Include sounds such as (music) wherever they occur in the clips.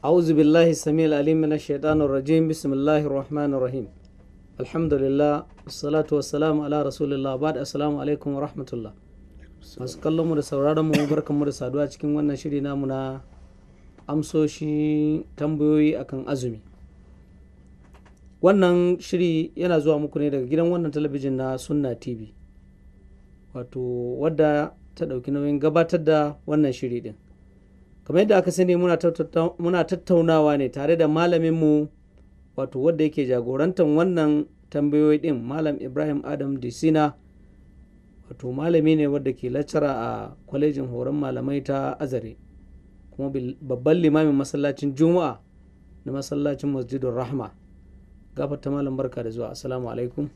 أعوذ بالله السميع العليم من الشيطان الرجيم بسم الله الرحمن الرحيم الحمد لله والصلاة والسلام على رسول الله بعد السلام عليكم ورحمة الله masu kallon mu da sauraron mu barkan mu da saduwa cikin wannan shiri namu na amsoshi tambayoyi akan azumi wannan shiri yana zuwa muku ne daga gidan wannan talabijin na sunna tv wato wadda ta ɗauki nauyin gabatar da wannan shiri din kamar yadda aka sani muna tattaunawa ne tare da malaminmu wato wadda yake jagorantar wannan tambayoyi din malam ibrahim adam disina wato malami ne wadda ke lacara a kwalejin horon malamai ta azare kuma babban limamin masallacin juma'a na masallacin masjidun rahma gafata malam barka da zuwa assalamu alaikum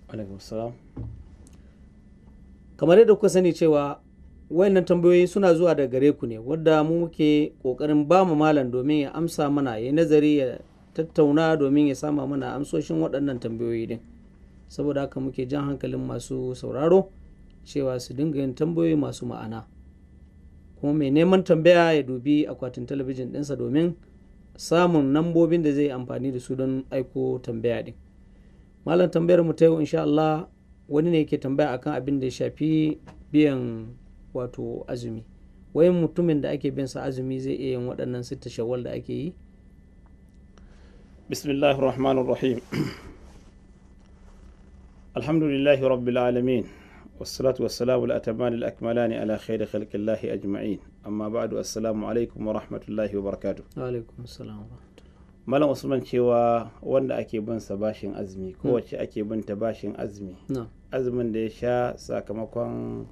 kamar yadda kuka sani cewa wayannan tambayoyi suna zuwa da gare ku ne wadda mu muke kokarin ba mu malam domin ya amsa mana ya nazari ya tattauna domin ya sama mana amsoshin waɗannan tambayoyi din saboda haka muke jan hankalin masu sauraro cewa su dinga yin tambayoyi masu ma'ana kuma mai neman tambaya ya dubi akwatin talabijin ɗinsa domin samun nambobin da zai amfani da su don aiko tambaya din malam tambayar mu ta yau insha Allah wani ne ke tambaya akan abin da ya shafi biyan wato azumi wai mutumin da ake bin sa azumi zai iya yin waɗannan sita shawal da ake yi bismillahir rahmanir rahim alhamdulillahi rabbil alamin والصلاة والسلام الأتمان الأكملان على خير خلق الله أجمعين amma بعد السلام عليكم ورحمة الله وبركاته وعليكم السلام ورحمة الله cewa wanda ake bin sa bashin azumi hmm. kowace ake bin ta bashin azumi azumin da ya sha sakamakon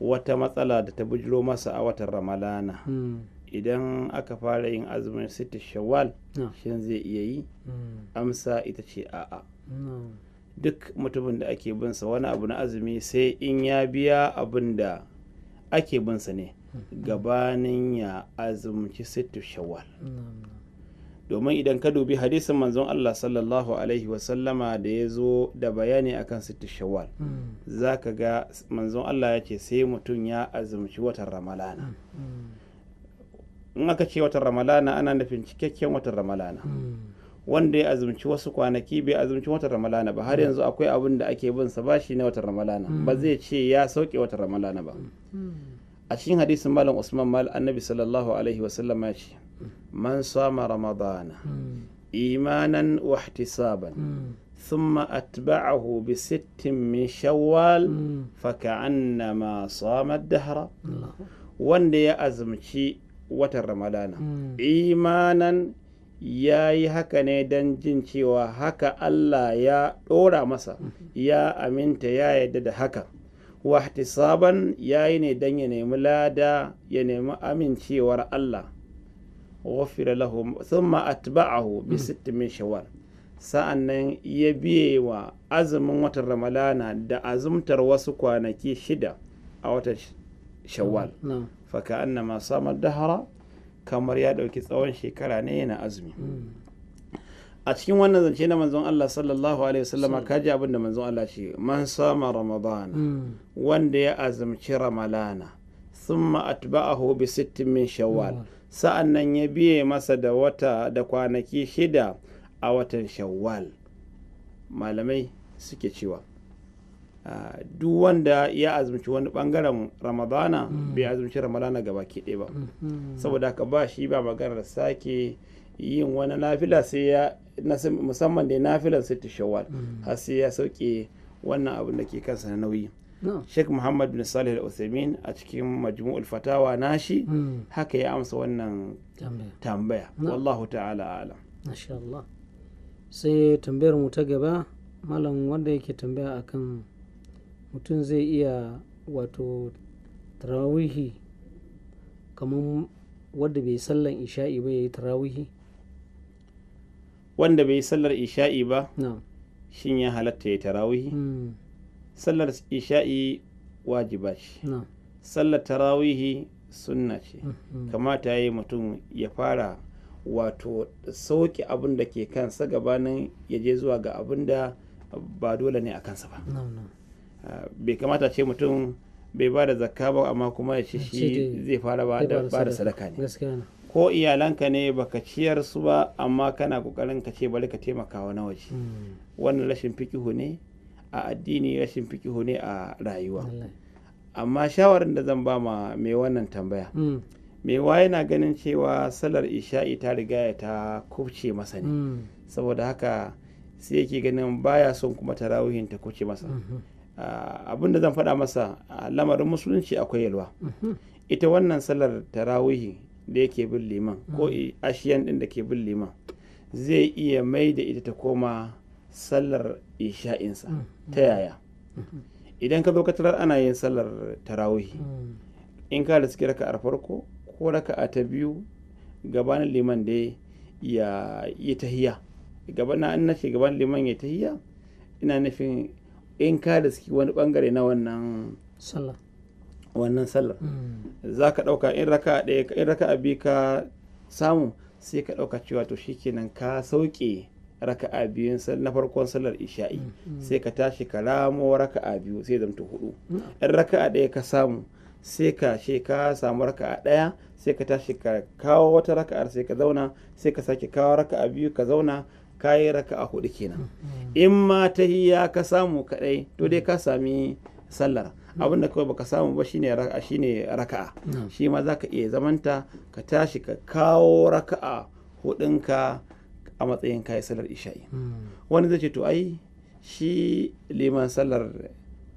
wata matsala da ta bujiro masa a watan ramalana hmm. idan aka fara yin azumin sita shawwal hmm. shin zai iya yi hmm. amsa ita ce a'a duk mutumin da ake binsa wani abu na azumi sai in ya biya abin da ake binsa ne gabanin ya azumci sita shawwal domin idan ka dubi hadisin manzon Allah sallallahu alaihi wasallama da ya zo da bayani akan sittu shawwal hmm. za ka ga manzon Allah ya sai mutum ya azumci watan ramalana hmm. in aka ce watan ramalana ana nufin cikakken watan ramalana hmm. wanda ya azumci wasu kwanaki bai azumci watan ramalana ba har yanzu akwai abin da ake bin sa bashi na watan ramalana ba zai ce ya sauke watan ramalana ba a cikin hadisin malam usman mal annabi sallallahu alaihi wasallam ya ce من صام رمضان إيمانا واحتسابا ثم أتبعه بست من شوال فكأنما صام الدهر ya أزمشي watan ramadana hmm. imanan ya yi haka ne don jin cewa haka Allah ya ɗora masa hmm. ya aminta ya yarda da haka wahtisaban ya yi ne don ya nemi lada ya nemi amincewar Allah wafira lahu thumma atba'ahu bi sitti min shawar sa'annan ya biye wa azumin watan ramalana da azumtar wasu kwanaki shida a watan shawar. faka anna ma samar dahara kamar ya ɗauki tsawon shekara ne yana azumi a cikin wannan zance na manzon Allah sallallahu alaihi wasallama kaji abin da manzon Allah ce man sama ramadana wanda ya azumci ramalana thumma atba'ahu bi sittin min shawwal sa'an nan ya biye masa da wata da kwanaki shida a watan shawwal malamai suke cewa ah, duk wanda ya azumci wani bangaren ramadana mm. bai azumci ramadana gaba ɗaya ba mm-hmm. saboda haka ba shi ba maganar sake yin wani nafila sai ya musamman da nafilar ta shawwal mm. har sai ya sauke wannan abin da ke kansa na nauyi Sheikh Muhammad bin Salih al-Uthaymeen a cikin Majmu'ul Fatawa nashi hmm. haka ya amsa wannan tambaya wallahu ta'ala alam masha Allah sai tambayar mu ta gaba malam wanda yake tambaya akan mutum zai iya wato tarawihi kamar wanda bai sallan isha'i ba yayi yi tarawihi wanda bai sallar isha'i ba shin ya halatta ya tarawihi hmm. sallar isha'i wajiba ce sallar tarawihi sunna ce mm-hmm. kamata ya yi mutum ya fara wato sauke abin da ke kansa gabanin ya je zuwa ga abin da ba dole ne a kansa ba ah, bai kamata ce mutum bai ba da zakka ba amma kuma ya ce shi zai fara ba da sadaka ne ko iyalanka ne baka ciyar su ba amma kana kokarin ka ce bari ka taimaka wa na waje mm. wannan rashin fikihu ne a addini rashin fikihu ne a rayuwa amma shawarar da zan ba ma mai wannan tambaya mm. mai wa yana ganin cewa salar isha'i ta riga ta kubce masa ne mm. saboda haka sai yake ganin baya son kuma tarawihin ta kubce masa mm-hmm. abin da zan faɗa masa lamarin musulunci akwai yalwa mm-hmm. ita wannan salar tarawihi da yake bin liman ko mm. ashiyan ɗin da ke bin liman zai iya mai da ita ta koma sallar isha'insa mm. ta yaya idan ka zo ka tarar ana yin sallar tarawihi mm. in ka da suke raka'ar farko ko raka'a ta biyu gabanin liman da ya yi tahiya gabana an nace gabanin liman ya tahiya ina nufin in ka da suke wani bangare na wannan sallar wannan sallar mm. za ka ɗauka in raka ɗaya in raka abi ka samu sai ka ɗauka cewa to shikenan ka sauke raka'a biyun na farkon sallar isha'i mm, mm. sai ka tashi ka ramo raka'a biyu sai zamta hudu ɗan mm. raka'a ɗaya ka samu sai ka she ka samu raka'a ɗaya sai ka tashi ka kawo wata raka'ar sai ka zauna sai ka sake kawo raka'a biyu ka zauna ka yi raka'a hudu kenan in ma ta hiya ka samu kaɗai to dai ka sami sallar abin da kawai baka samu ba shine raka'a shine raka'a shi ma zaka iya zamanta ka tashi ka kawo raka'a hudunka a matsayin kayi sallar isha'i hmm. wani zai ce to ai shi liman sallar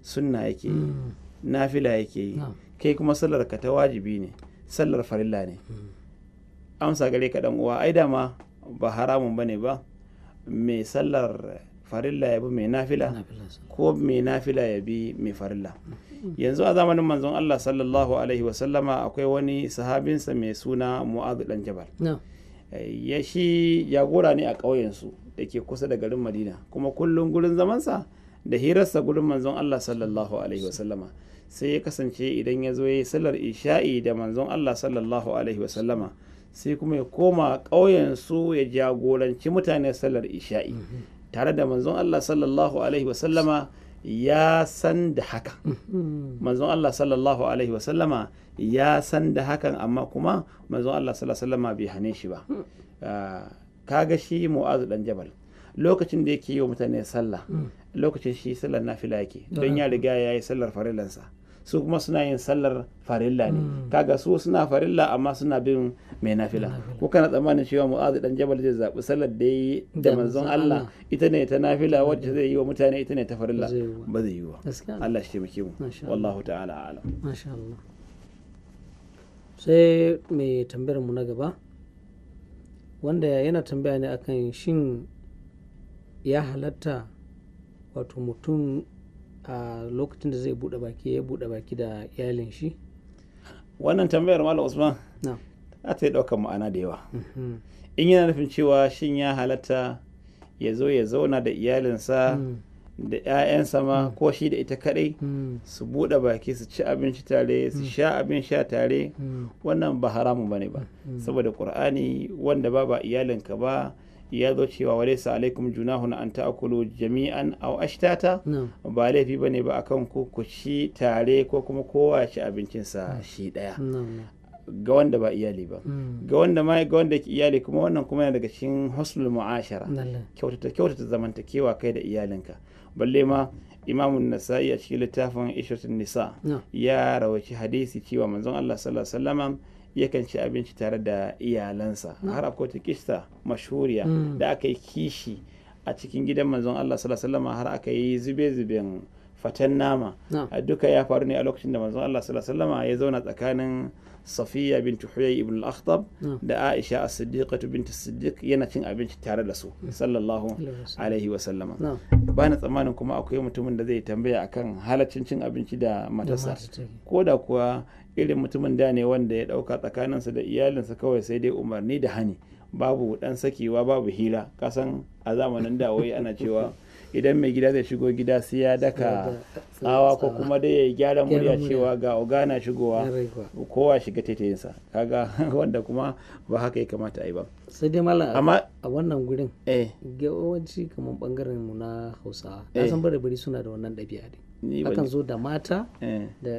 sunna yake yi hmm. nafila yake yi kai kuma sallar ka ta wajibi ne sallar farilla ne hmm. amsa gare ka uwa ai dama ba haramun bane ba mai sallar farilla ya bi mai nafila ko mai nafila ya bi mai farilla yanzu a zamanin manzon Allah sallallahu alaihi wasallama akwai wani sahabinsa mai suna mu'azu dan jabal Eh, ya shi jagora ne a ƙauyensu da ke kusa da garin madina kuma kullum gurin zamansa da hirarsa gurin manzon allah sallallahu alaihi wasallama sai ya kasance idan ya zo ya yi sallar isha'i da manzon allah sallallahu alaihi wasallama sai kuma ya koma ƙauyensu ya jagoranci mutane sallar isha'i mhm. tare da manzon allah sallallahu alaihi wasallama ya san da haka manzon Allah sallallahu alaihi wasallama ya san da hakan amma kuma manzon Allah sallallahu alaihi wasallama bai hane shi ba ah, kaga shi mu'azu dan jabal lokacin da yake yi wa mutane sallah hmm. lokacin shi sallar nafila yake don ya riga ya yi sallar farilansa su kuma suna yin sallar farilla ne hmm. kaga su suna farilla amma suna bin mai nafila ko kana tsammanin cewa mu'azu dan jabal zai zabi sallar da yi da manzon Allah ita ne ta nafila wacce zai yi wa mutane ita ne ta farilla ba zai yi wa Allah shi taimake mu wallahu ta'ala a'lam masha Allah sai mai tambayar mu na gaba wanda yana tambaya ne akan shin ya halatta wato mutum a lokacin da zai buɗe baki ya bude baki da iyalin shi wannan tambayar malam usman za ta yi ɗaukar ma'ana da yawa mhm. in yana nufin cewa shin ya halatta ya zo ya zauna da iyalinsa mm. da 'ya'yansa ma mm. ko shi da ita kadai mm. su buɗe baki su ci abinci tare su sha abin sha tare wannan ba haramun bane ba saboda qur'ani wanda ba ba iyalinka ba ya zo cewa wale sa alaikum junahun an ta'kulu jami'an aw ashtata ba laifi bane ba akan ku ku ci tare ko kuma kowa ci abincinsa shi daya ga wanda ba iyali ba mm. ga wanda ma ga wanda ke iyali kuma wannan kuma yana daga cikin husnul mu'ashara kyautata kyautata zamantakewa kai da iyalinka balle ma imamun nasa'i a cikin littafin ishatun nisa ya rawaci hadisi cewa manzon Allah sallallahu alaihi wasallam yakan ci abinci tare da iyalansa mm. har akwai ta kista mashuriya mm. da aka yi kishi a cikin gidan manzon Allah sallallahu har aka yi zube-zuben fatan nama duka ya faru ne a lokacin da manzon Allah sallallahu ya zauna tsakanin safiya bin huyay ibn al-akhtab da aisha as-siddiqatu binti siddiq yana cin abinci tare da su sallallahu alaihi wa sallama ba na tsammanin kuma akwai mutumin da zai tambaya akan halaccin cin abinci da matasa ko da kuwa irin mutumin da ne wanda ya dauka tsakaninsa da iyalinsa kawai sai dai umarni da hani babu dan sakewa babu hira. kasan a zamanin da wai ana cewa (laughs) idan mai gida zai shigo gida sai ya daka tsawa ko kuma dai ya gyara murya cewa ga ogana shigowa kowa shiga taitayinsa kaga (laughs) wanda kuma ba haka ya kamata a yi ba sai dai mala a wannan gurin gawawanci eh. kamar bangaren mu na hausawa na eh. san bari suna da wannan ɗabi'a ne akan zo da mata eh. da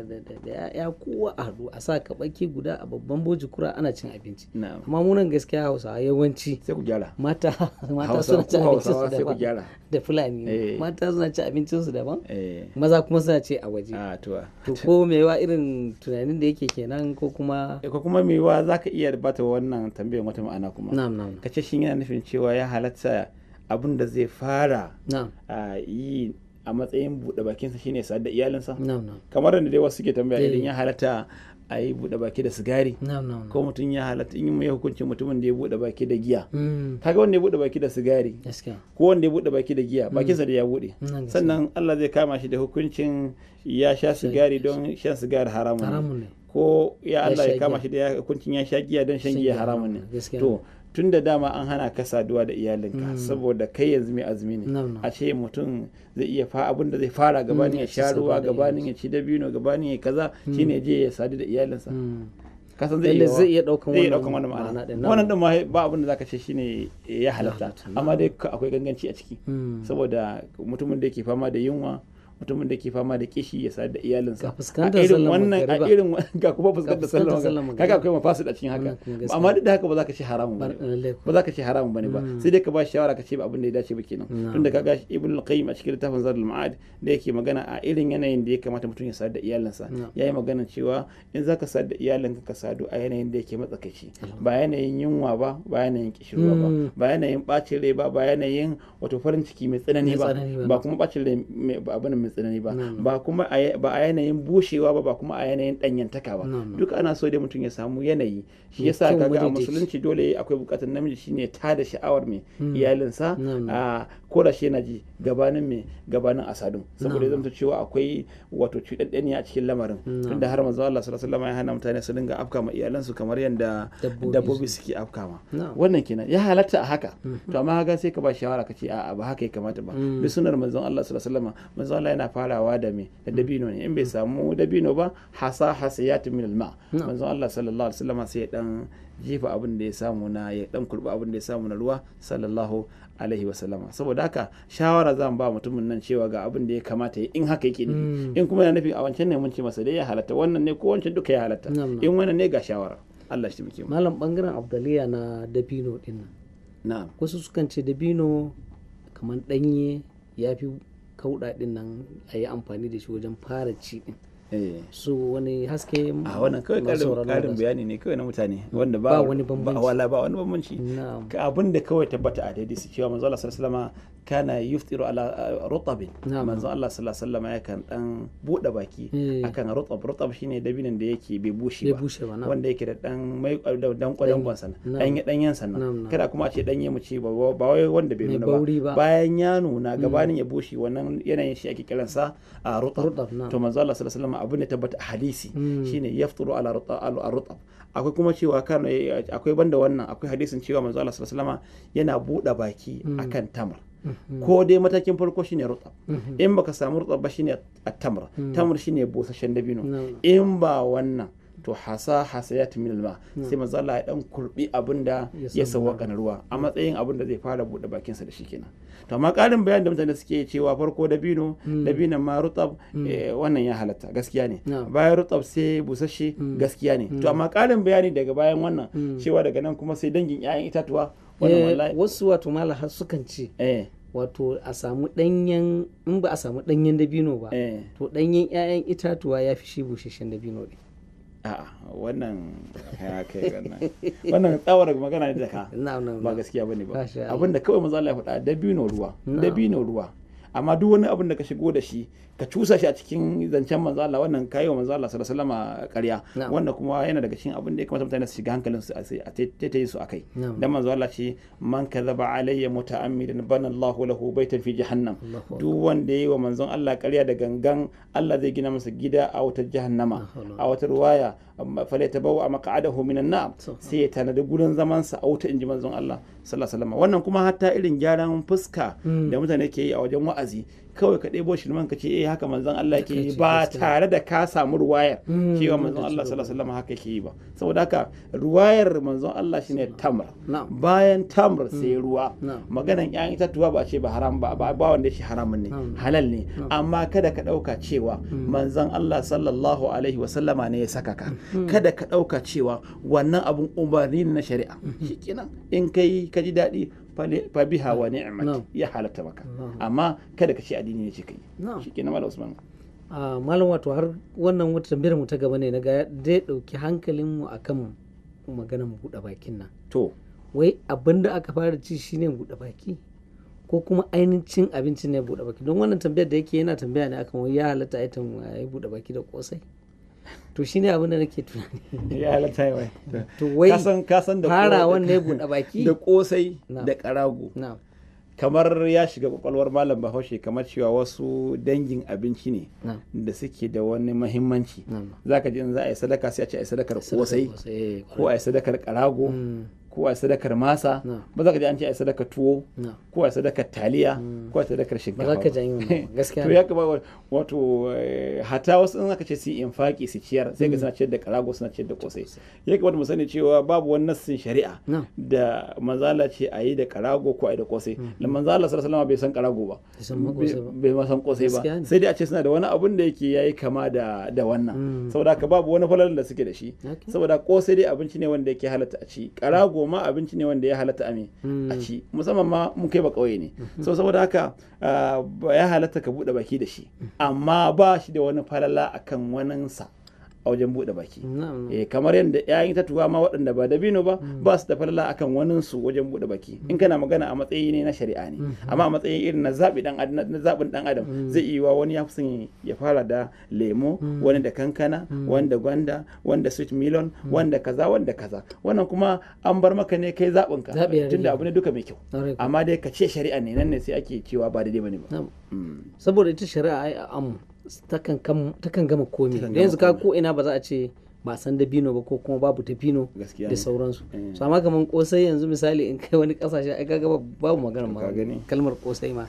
ya kowa a haɗu a sa kaɓaki guda a babban boji kura ana cin abinci amma munan gaskiya hausawa yawanci sai ku gyara mata (laughs) eh. mata suna cin su daban da fulani mata suna cin su daban maza kuma suna ce a waje ah, to ko mewa irin tunanin da yake kenan ko kuma eh, ko kuma za zaka iya bata wannan tambayar wata ma'ana kuma na'am na'am kace shin yana nufin cewa ya halatta abin da zai fara ah, yi a matsayin buɗe bakinsa shine sadar da iyalinsa kamar da dai wasu suke tambaya idan ya eh. halatta a yi buɗe baki da sigari ko mutum ya halatta in mai hukuncin mutumin da ya buɗe baki da giya hmm. kaga wanda ya buɗe baki da sigari ko wanda ya buɗe baki da giya hmm. bakinsa da ya buɗe sannan Allah zai kama shi da hukuncin ya sha sigari don shan sigari haramun ne ko ya Allah ya kama shi da hukuncin ya sha giya don shan giya haramun ne to tun da dama an hana ka saduwa da iyalinka mm. saboda kai yanzu mai azumi ne a ce mutum zai iya fa abin da zai fara gabanin mm, ya sha ruwa gabanin ya ci dabino gabanin ya kaza mm. shine je ya sadu da iyalinsa kasan zai zai iya daukan wannan ma'ana wannan din ma ba abin da zaka ce shine ya halatta amma dai akwai ganganci a ciki saboda mutumin da yake fama da yunwa mutumin da ke fama da kishi ya sadar da iyalinsa a irin wannan a irin ga kuma fuskantar sallar magariba kaga akwai mafasu da cikin haka amma duk da haka ba za ka ce haramun ba ba za ka ce haramun ba ne mm. ba sai dai ka ba shawara ka ce ba abin da ya dace ba kenan tun tunda kaga ibn al-qayyim a cikin littafin zadul ma'ad da yake magana a irin yanayin da ya kamata mutum ya sadar da iyalinsa yayi magana cewa in zaka sadar da iyalinka ka sadu a yanayin da yake matsakaici ba yanayin yunwa ba ba yanayin kishirwa ba mm. ba yanayin bacin rai ba ba yanayin wato farin ciki mai tsanani ba ba kuma bacin rai mai abin mai tsanani ba ba kuma ba a yanayin bushewa ba ba kuma a yanayin danyantaka ba duka ana so dai mutum ya samu yanayi shi yasa kaga a musulunci dole akwai bukatar namiji shine ta hmm. da sha'awar mai iyalinsa a kora shi yana ji gabanin mai gabanin asadun saboda ya zama cewa akwai wato cuɗaɗɗeniya a cikin lamarin tunda har manzo Allah sallallahu alaihi wasallam ya hana mutane su dinga afka ma iyalansu kamar yadda dabbobi suke afka ma wannan kenan ya halatta a haka hmm. to amma ga sai ka ba shawara ka ce a'a ba haka ya kamata ba hmm. bi sunnar manzon Allah sallallahu alaihi wasallam manzon Allah yana farawa da me da dabino ne in bai samu dabino ba hasa hasiyatu min alma manzo Allah sallallahu alaihi wasallam sai dan jifa abin da ya samu na ya dan kurba abin da ya samu na ruwa sallallahu alaihi wasallama saboda haka shawara zan ba mutumin nan cewa ga abin da ya kamata in haka yake nufi hmm. in kuma yana nufin a wancan ne mun ce masa dai ya halatta wannan ne ko wancan duka ya halatta in wannan ne ga shawara Allah shi muke malam bangaren abdaliya na dabino din nan na'am wasu sukan ce dabino kamar danye ya fi kauɗa nan a yi amfani da shi wajen fara ci Eh. su wani haske a ah, wannan kawai karin bayani ne kawai na mutane wanda ba wani bambanci wala ba wani bambanci ka abin da kawai tabbata a daidai su cewa manzo Allah sallallahu alaihi wasallam kana yuftiru ala eh, rutabin manzo Allah sallallahu alaihi wasallam yakan kan dan bude baki eh. akan rutab rutab shine dabinin da yake bai bushe ba wanda yake da dan mai dan kwadan gwan sana dan ya danyen kada kuma a ce dan ya muce ba wai wanda bai nuna ba bayan ya nuna mm. gabanin ya bushe wannan yanayin shi ake kiransa a ah, rutab to manzo Allah sallallahu alaihi wasallam Abu ne da tabbata a hadisi hmm. shine yafturu ala rutab akwai kuma cewa kan akwai banda wannan akwai hadisin cewa manzo Allah sallallahu alaihi yana buɗe baki hmm. akan tamar hmm. ko dai matakin farko shine rutab in baka samu rutab ba shine a tamar. Tamar shine busasshen dabino in ba wannan to hasa hasa ya min alma sai matsala ya dan kurbi abin da ya sawwaka na ruwa a matsayin abin da zai fara bude bakin sa da shi kenan to amma karin bayan da mutane suke cewa farko dabino hmm. dabinan ma rutab hmm. eh, wannan ya halatta gaskiya ne bayan rutab sai busashe hmm. gaskiya ne to amma karin bayani daga bayan wannan cewa daga nan kuma sai dangin 'ya'yan itatuwa eh, wasu wato mala har sukan ce eh. wato a samu danyen in ba a samu danyen dabino ba to danyen 'ya'yan itatuwa ya fi shi busasshen dabino ne a'a wannan kai wannan tsawar magana ne da ba gaskiya bane ba abinda kawai manzo Allah ya faɗa dabino ruwa ruwa amma duk wani abin da ka shigo da shi ka cusa shi a cikin zancen manzo Allah wannan kayi wa manzo Allah sallallahu alaihi wasallam ƙarya wanda kuma yana daga cikin abin da ya kamata mutane su shiga hankalin su a taitaye su akai dan manzo Allah ce man kadhaba alayya muta'ammidan bana Allahu lahu baitan fi jahannam duk wanda yayi wa manzon Allah ƙarya da gangan Allah zai gina masa gida a wata jahannama a wata ruwaya falyatabawwa maq'adahu minan na'am sai ya tanadi gurin zaman sa a wuta inji manzon Allah sallallahu alaihi wasallam wannan kuma hatta irin gyaran fuska mm. da mutane ke yi a wajen wa'azi kawai ka ɗebo shi man ka ce eh haka manzon Allah ke yi ba tare da ka samu ruwayar hmm, cewa manzon Allah sallallahu alaihi haka ke yi ba saboda haka ruwayar manzon Allah shine tamr bayan tamr hmm. sai ruwa maganan ƴan itatuwa ba ce ba haram ba ba wanda shi haramun ne halal ne amma kada ka dauka cewa hmm. manzon Allah sallallahu alaihi wasallama ne ya saka ka kada ka dauka cewa wannan abun umarni na shari'a shikenan in kai ka ji daɗi fa biha wa ni'mat ya halatta maka amma kada ka ce addini ne ce kai shikenan malam usman ah, malam wato har wannan wata tambayar mu ta gaba ne na ga dai dauki hankalin mu akan maganar buɗe bakin nan to wai abinda aka fara ci shine buɗe baki ko kuma ainihin cin abinci ne buɗe baki don wannan tambayar da yake yana tambaya ne akan wai ya halatta a ya buɗe baki da kosai to shi ne abin da nake tunani (laughs) ya halatta ya wai to wai kasan da farawan ne buɗe baki (laughs) da kosai da karago kamar ya shiga kwakwalwar malam bahaushe kamar cewa wasu dangin abinci ne da suke da wani mahimmanci zaka ji in za a yi sadaka sai a ce a yi sadakar kosai eh, ko a yi sadakar karago hmm. ko a yi sadakar masa ba za ka ji an ce a yi sadakar tuwo ko a yi sadakar taliya hmm. ko ta dakar shinkafa ba ka janyo (laughs) gaskiya to ya kama wato eh, hata wasu in aka ce su faƙi su ciyar sai ga mm. suna ciyar da karago suna ciyar da kosai ya kamata mu sani cewa babu wani nassin shari'a da manzala ce a yi da karago ko a yi da kosai mm. da manzala sallallahu alaihi bai san karago ba bai ma san kosai ba sai dai a ce suna da wani abun da yake yayi kama da da wannan mm. saboda haka babu wani falalar da suke da shi saboda kosai dai abinci ne wanda yake halatta a ci karago ma abinci ne wanda ya halatta a ci musamman ma mun kai ba kauye ne mm-hmm. so saboda haka haka ah, ya halatta ka buɗe baki da shi amma ba shi da wani falala akan waninsa a wajen buɗe baki eh kamar yadda ta itatuwa ma waɗanda ba dabino ba mm. ba su da falala akan wanin su wajen buɗe baki in kana magana a matsayi ne na shari'a ne mm-hmm. amma a matsayin irin na zabi dan adam na zabin dan adam mm. zai iya wa wani ya fi ya fara da lemo mm. wani da kankana wani da gwanda wani sweet melon wani kaza wani kaza wannan kuma an bar maka ne kai zabin ka tunda abu ne duka mai kyau amma dai ka ce shari'a ne nan ne sai ake cewa ba daidai bane ba saboda ita shari'a ai a amu takan gama komi da yanzu ka ko ina ba za a ce ba san da bino ba ko kuma babu bino da sauransu eh. su amma kamar kosai yanzu misali in kai wani kasashe ai kaga babu magana ma kalmar kosai ma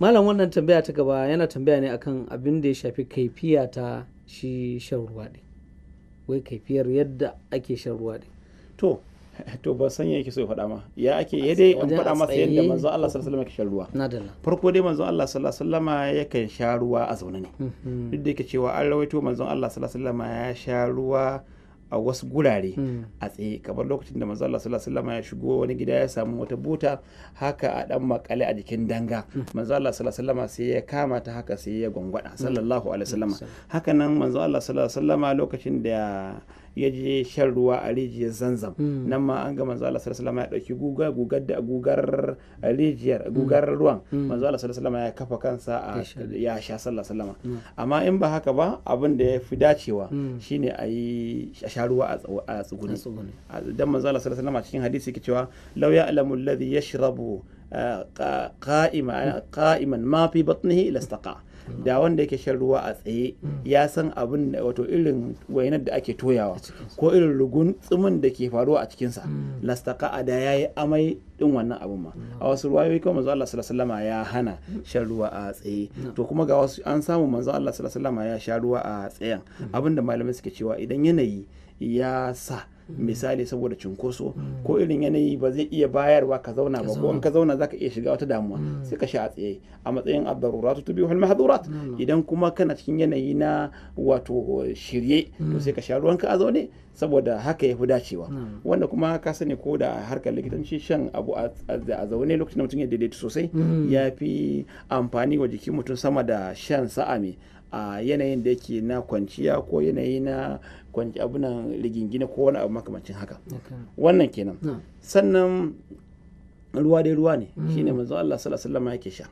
malam wannan tambaya ta gaba yana tambaya ne akan abin da ya shafi kaifiya ta shi shan ruwa wai kaifiyar yadda ake shan ruwa to (laughs) to ba san yake so ya faɗa ma ya ake ya dai an faɗa masa yadda manzo Allah sallallahu alaihi wasallam yake shan ruwa farko dai manzo Allah sallallahu alaihi wasallam yakan sha ruwa a zaune ne mhm. duk da yake cewa an rawaito manzo Allah sallallahu alaihi wasallam ya sha ruwa a wasu gurare hmm. a tsaye kamar lokacin da manzo Allah sallallahu alaihi wasallam ya shigo wani gida ya samu wata buta haka a dan makale a jikin danga hmm. manzo Allah sallallahu alaihi wasallam sai ya kama ta haka sai ya gwangwada hmm. sallallahu alaihi wasallam haka nan manzo Allah sallallahu alaihi wasallam lokacin da ya je shan ruwa a rijiyar zanzam hmm. nan ma an ga manzo Allah sallallahu alaihi ya dauki guga gugar da gugar rijiyar hmm. gugar ruwan hmm. manzo Allah sallallahu alaihi ya kafa kansa a ya sha sallallahu alaihi amma in ba haka ba abin da ya fi dacewa shine a yi sha ruwa a tsuguni dan manzo Allah sallallahu alaihi cikin hadisi yake cewa law ya'lamu alladhi yashrabu qa'iman ma fi batnihi lastaqa da wanda yake shan ruwa a tsaye mm. ya san abin da wato irin wainar da ake toyawa ko irin rugun tsumin da ke faruwa a cikinsa mm. lastaka a da ya yi amai din wannan abin ma mm. a wasu ruwa kuma manzo Allah sallallahu ya hana shan ruwa a tsaye to kuma ga wasu an samu manzo Allah sallallahu ya sha ruwa a tsayen abin da malamai suke cewa idan yanayi ya sa misali saboda cunkoso mm. ko irin yanayi ba zai iya bayarwa ka zauna ba ko in ka zauna zaka iya shiga wata damuwa mm. sai ka sha a tsaye a matsayin ad-darurat tubihul mahdhurat idan kuma kana cikin yanayi na wato shirye to mm. sai ka sha ka a zaune saboda haka ya fi dacewa wanda kuma ka sani ko da harkar likitanci shan abu a zaune lokacin da mutum ya daidaita sosai ya fi amfani wa jikin mutum sama da shan sa'a mai a yanayin da yake na kwanciya ko yanayi na kwanci abunan rigingine ko wani abu makamancin haka wannan kenan sannan ruwa dai ruwa ne mm. shine manzo Allah sallallahu alaihi wasallam yake sha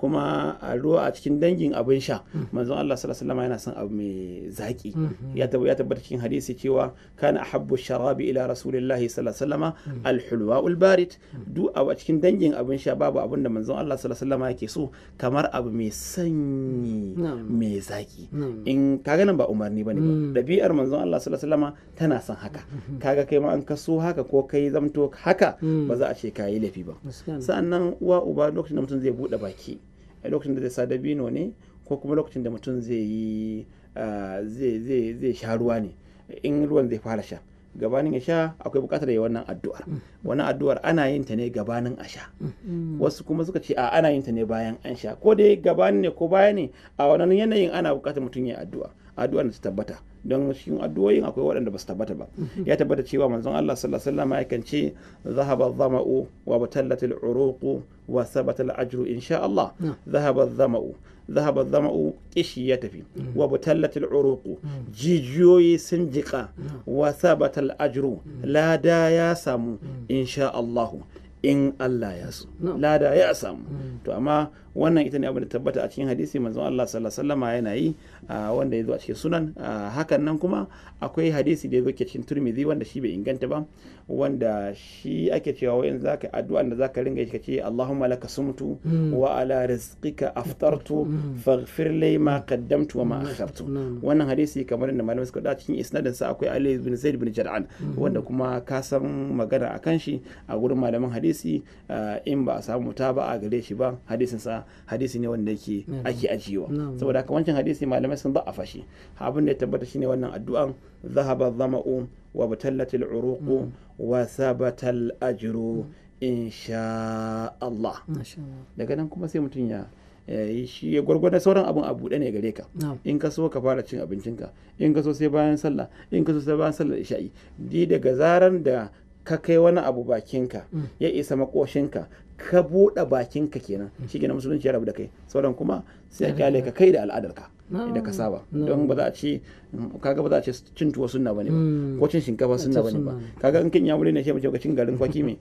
kuma ruwa a cikin dangin abin sha mm. manzon Allah sallallahu alaihi yana son abu mai zaki mm-hmm. ya tabbata cikin hadisi cewa kana ahabbu sharabi ila rasulillahi sallallahu alaihi mm. alhulwa ulbarit mm. duk a cikin dangin abin sha babu abin da manzon Allah sallallahu alaihi yake so kamar abu mai sanyi mai zaki in kaga nan ba umarni bane ba dabi'ar manzon Allah sallallahu alaihi tana son haka mm-hmm. kaga kai ma an kaso haka ko kai zamto haka ba za a ce kayi lafi ba sa'annan uwa uba lokacin da mutum zai bude baki lokacin da zai sa dabino ne ko kuma lokacin da mutum zai yi ah, zai sha ruwa ne in ruwan zai fara sha gabanin ya sha akwai bukatar ya wannan addu'ar mm. wannan addu'ar ana yin ta ne gabanin a sha mm. Mm. wasu kuma suka ce a ana yin ta ne bayan an sha ko dai gabanin ne ko baya ne a wannan yanayin ana bukatar mutum ya addu'a addu'ar da ta tabbata don cikin addu'o'in akwai waɗanda ba su tabbata ba mhm. ya tabbata cewa manzon Allah sallallahu alaihi wasallam yakan ce zahaba wa batallat al-uruq wa sabata al-ajru insha Allah zahaba zahaba kishi ya tafi mm. wa batallat al-uruq mm. jijiyoyi sun jika wa sabata al-ajru mm. lada ya samu insha Allah in Allah ya so lada ya samu to amma wannan ita ne abin da tabbata a cikin hadisi manzon Allah sallallahu alaihi wasallam yana yi wanda ya zo a cikin sunan hakan nan kuma akwai hadisi da ya zo cikin turmizi wanda shi bai inganta ba wanda shi ake cewa wayan zaka addu'a da zaka ringa shi kace Allahumma laka sumtu hmm. wa ala rizqika aftartu hmm. faghfir li ma qaddamtu wa ma hmm. akhartu wannan hadisi kamar da malamai suka da cikin isnadin sa akwai Ali ibn Zaid ibn Jar'an. wanda kuma ka san magana akan shi a gurin malaman hadisi in ba a samu ta a gare shi ba hadisin sa hadisi ne wanda yake ake ajiyewa saboda haka wancan hadisi malamai sun ba a fashi abin da ya tabbata shine wannan addu'an zahaba zama'u wa batallatil uruqu wa sabatal ajru insha Allah daga nan kuma sai mutum ya shi ya gwargwada sauran abin a buɗe ne gare ka in ka so ka fara cin abincinka in ka so sai bayan sallah in ka so sai bayan sallah isha'i di daga zaran da ka kai wani abu bakinka mm. ya isa makoshinka ka buɗe bakinka kenan shi na musulunci ya rabu da kai sauran kuma sai ya kyale ka kai da al'adarka da ka saba don ba za a ce kaga ba za a ce cin tuwo sunna bane ba hmm. ko cin shinkafa sunna bane ba kaga in kin yamuri ne sai mu ce ka cin garin kwaki me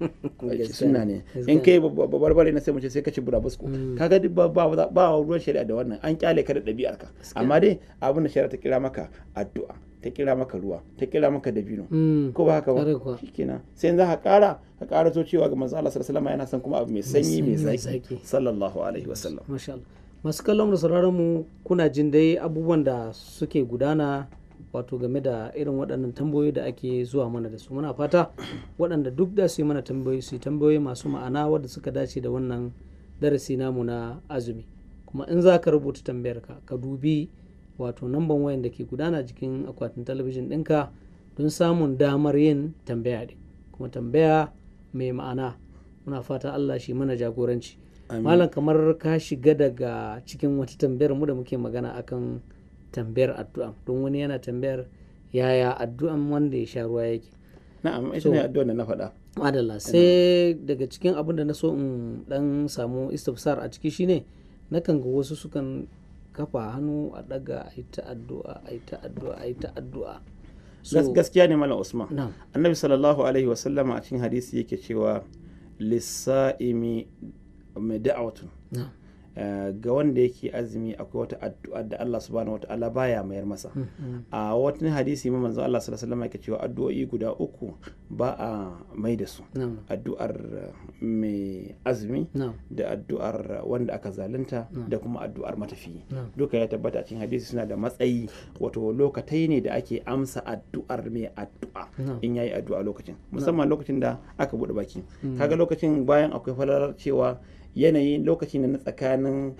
na (laughs) ne in kai bare na sai mu ce sai ka ci burabusko hmm. kaga duk ba ba ba ruwan shari'a da wannan an kyale ka da ka. amma dai abin da shari'a ta kira maka addu'a ta kira maka ruwa ta kira maka dabino hmm. ko ba haka ba shikenan sai za ka kara ka kara zo cewa ga manzo Allah sallallahu alaihi wasallam yana son kuma abu mai sanyi mai zaki sallallahu alaihi wasallam masha Allah masu kallon da sauraron mu kuna jin dai abubuwan da suke gudana wato game da irin waɗannan tambayoyi da ake zuwa mana da su muna fata waɗanda duk da su yi mana tambayoyi su tambayoyi masu ma'ana wadda suka dace da wannan darasi namu na azumi kuma in za ka rubuta tambayarka ka dubi wato namban wayan da ke gudana jikin akwatin talabijin ɗinka don samun damar yin tambaya ne kuma tambaya mai ma'ana muna fata allah shi mana jagoranci malam kamar ka shiga daga cikin wata tambayar mu da muke magana akan tambayar addu'a don wani yana tambayar yaya addu'an wanda ya sha ruwa yake na'am ita ne addu'an da na faɗa madalla sai daga cikin abin da na so in dan samu istifsar a ciki shine nakan ga wasu sukan kafa hannu a daga a yi ta addu'a a yi ta addu'a a yi ta addu'a gaskiya ne malam usman annabi sallallahu alaihi wasallama a cikin hadisi yake cewa lissa'imi mai da'awatun eh, ga wanda yake azumi akwai wata addu'a da Allah subhanahu ta'ala baya mayar masa hmm, hmm. a wata hadisi mai manzo Allah sallallahu alaihi wasallam yake cewa addu'o'i guda uku ba a mai da su addu'ar eh, mai azumi da addu'ar wanda aka zalunta da kuma addu'ar matafiyi duka ya tabbata a cikin hadisi suna da matsayi wato lokatai ne da ake amsa addu'ar mai addu'a in yayi addu'a lokacin musamman lokacin da aka bude baki hmm. kaga lokacin bayan akwai falalar cewa yanayin lokaci ne na tsakanin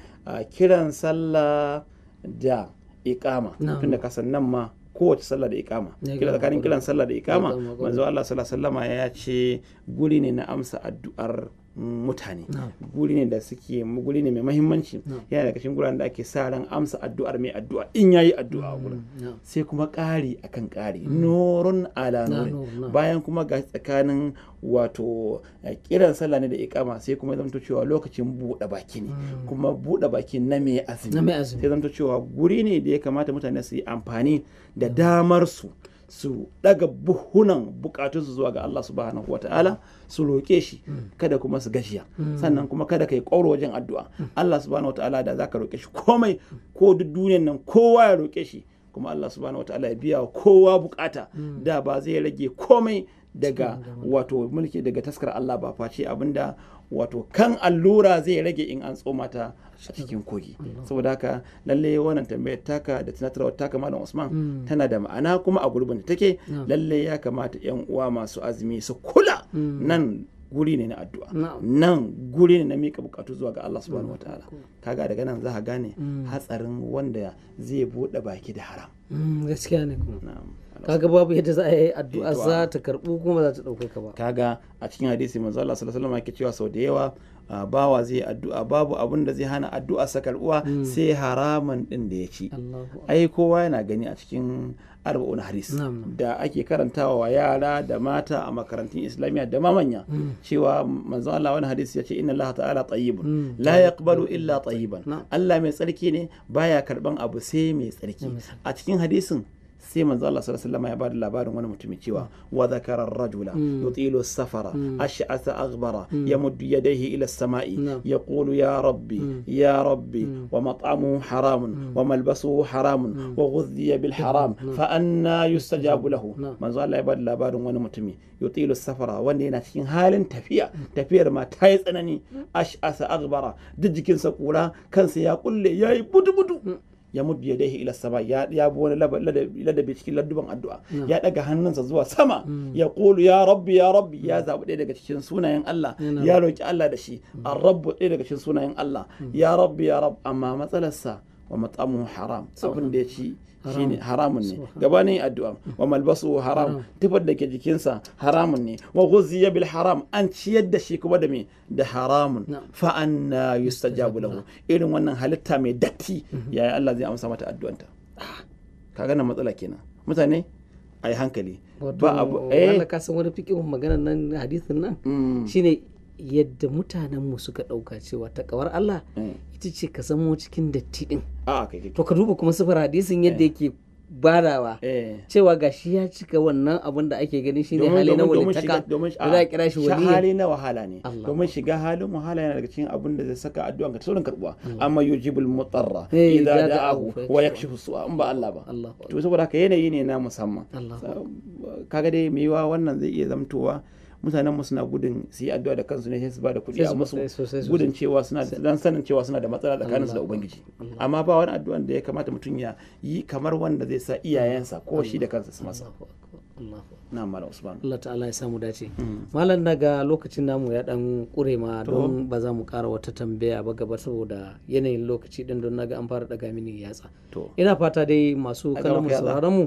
kiran sallah da ikama tunda kasan nan ma kowace sallah da ikama kira tsakanin kiran sallah da ikama manzo Allah sallallahu alaihi wasallama ya ce guri ne na amsa addu'ar mutane guri ne da suke guri ne mai mahimmanci yana da kashin guraren da ake sa ran amsa addu'ar mai addu'a in ya yi addu'a a mm, sai kuma ƙari akan ƙari mm. Noron ala bayan kuma ga tsakanin wato eh, kiran sallah ne da ikama sai kuma zamto cewa lokacin buɗe baki ne mm. kuma buɗe baki na mai azumi sai zamto cewa guri ne da ya kamata mutane su yi amfani da damar su su daga buhunan bukatunsu zuwa ga Allah subhanahu wata'ala su roƙe shi kada kuma su gashiya sannan kuma kada ka yi ƙoro wajen addu'a Allah subhanahu wata'ala da zaka roƙe shi komai ko duk duniyan nan kowa ya roƙe shi kuma Allah subhanahu wata'ala ya biya kowa bukata da ba zai rage komai daga wato mulki daga taskar Allah ba face abinda wato kan allura zai rage in an tsoma ta a cikin kogi mm. saboda haka lalle wannan tambayar taka da tunatarwar taka malam usman mm. tana da ma'ana kuma a gurbin da take mm. lalle ya kamata yan uwa masu azumi su kula nan guri ne na addu'a nan guri ne na mika bukatu zuwa ga Allah subhanahu wataala kaga daga nan za ka gane mm. hatsarin wanda zai bude baki da haram mm, gaskiya ne kuma kaga babu yadda za a yi addu'a za ta karbu kuma za ta dauke ka ba kaga a cikin hadisi manzo Allah sallallahu alaihi cewa sau da yawa bawa zai addu'a babu abin da zai hana addu'a sa karbuwa mm. sai haraman ɗin da ya ci ai kowa yana gani a cikin arba'un hadis da ake karantawa wa yara da mata a makarantun islamiyya da ma manya mm. cewa manzon Allah wani hadisi ya ce inna Allah ta'ala tayyibun mm. la yaqbalu illa tayyiban Allah mai tsarki ne baya karban abu sai mai tsarki a cikin hadisin sai manzo Allah sallallahu alaihi wasallam ya bada labarin wani mutumi cewa wa zakara ar-rajula yutilu as-safara ash'asa aghbara yamuddu yadayhi ila as-sama'i yaqulu ya rabbi ya rabbi wa mat'amuhu haramun wa malbasuhu haramun wa ghudhiya bil haram fa anna yustajabu lahu manzo Allah ya bada labarin wani mutumi yutilu as-safara wanda yana cikin halin tafiya tafiyar ma ta yi tsanani ash'asa aghbara duk jikinsa kura kansa ya kulle yayi budu budu ya muddu ya dahi ila sama ya ya bi wani ladabi cikin ladduban addu'a ya daga hannunsa zuwa sama hmm. ya kulu ya rabbi ya rabbi ya zabi ɗaya daga cikin sunayen Allah ya roki Allah da shi hmm. ar-rabbu ɗaya daga cikin sunayen Allah hmm. ya rabbi ya rabb amma matsalarsa wa mat'amuhu haram abin da ya ci shine haramun ne gabanin addu'a mm. wa malbasu haram tufar da ke jikinsa haramun ne wa ghuziya bil haram an ciyar da shi kuma da me da haramun fa anna yustajabu lahu irin wannan halitta mai datti mm-hmm. yaya Allah zai amsa mata addu'anta ah. kaga nan matsala kenan mutane ai hankali ba abu eh Allah ka san wani fiqhin maganar nan hadisin nan mm. shine yadda mutanenmu suka ɗauka cewa takawar Allah eh. ita ce ka samo cikin datti din ah, to ka duba kuma sufura hadisin yadda eh. yake barawa eh. cewa ga shi ya cika wannan abin da ake ganin shine hali na walitaka da za a kira shi ah, wali hali na wahala ne domin shiga halin wahala yana daga cikin abin da zai saka addu'an ka saurin karbuwa amma yujibul mutarra eh, idza da'ahu wa yakshifu su'a in ba Allah ba to saboda haka yanayi ne na musamman kaga dai mai yiwa wannan zai iya zamtowa mutanen mu suna gudun su yi addu'a da kansu ne sai su ba da kuɗi a musu gudun cewa suna dan sanin cewa suna da matsala tsakanin su da ubangiji amma ba wani addu'an da ya kamata mutum ya yi kamar wanda zai sa iyayensa ko shi da kansa su masa na mara usman Allah ta'ala ya samu dace mm. malam naga lokacin namu ya dan kure ma don ba za mu kara wata tambaya ba gaba saboda yanayin lokaci din don naga an fara daga mini yatsa ina fata dai masu kallon mu sauraron mu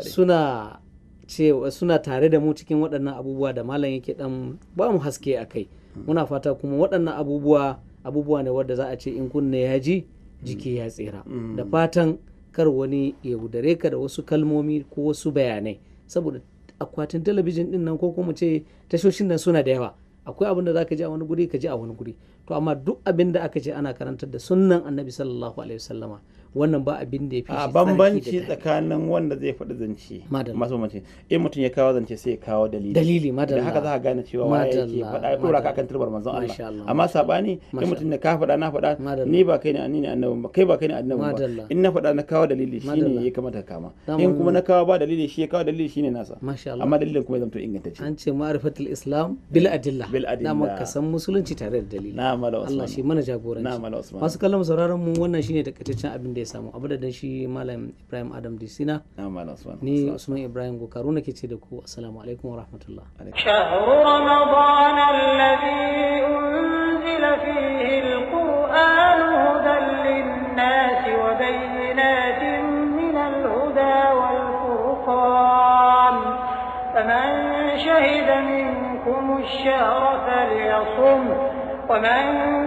suna cewa suna tare da mu cikin waɗannan abubuwa da malam yake dan ba mu haske a kai muna fata kuma waɗannan abubuwa abubuwa ne wadda za a ce in kunna ya ji jiki ya tsira mm. da fatan kar wani ya gudare ka da wasu kalmomi ko wasu bayanai saboda akwatin talabijin din nan ko kuma ce tashoshin nan suna da yawa akwai abin da za ka ji a wani guri ka ji a wani guri to amma duk abin da aka ce ana karantar da sunnan annabi sallallahu alaihi wasallama wannan ba abin da ya fi a bambanci tsakanin wanda zai faɗi zance masu mace in mutum ya kawo zance sai ya kawo dalili dalili madalla da haka za ka gane cewa waye yake faɗa ya tura ka akan turbar manzon Allah amma sabani in mutum ne ka faɗa na faɗa ni ba kai ne ni ne annabi ba kai ba kai ne annabi ba in na faɗa na kawo dalili shine ya kamata ka kama in kuma na kawo ba dalili shi ya kawo dalili shine nasa amma dalilin kuma ya zanto ce an ce ma'rifatul islam bil adilla bil adilla na ka san musulunci tare da dalili na mala Allah shi mana jagoranci na mala Usman masu kallon sauraron mu wannan shine takaitaccen abin da ya samu abu da shi malam ibrahim adam disina ni usman ibrahim gokaru nake ce da ku assalamu alaikum wa rahmatullah شهر رمضان الذي أنزل فيه القرآن هدى للناس وبينات من الهدى والفرقان فمن شهد منكم الشهر فليصم ومن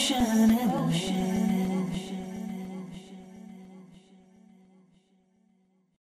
ocean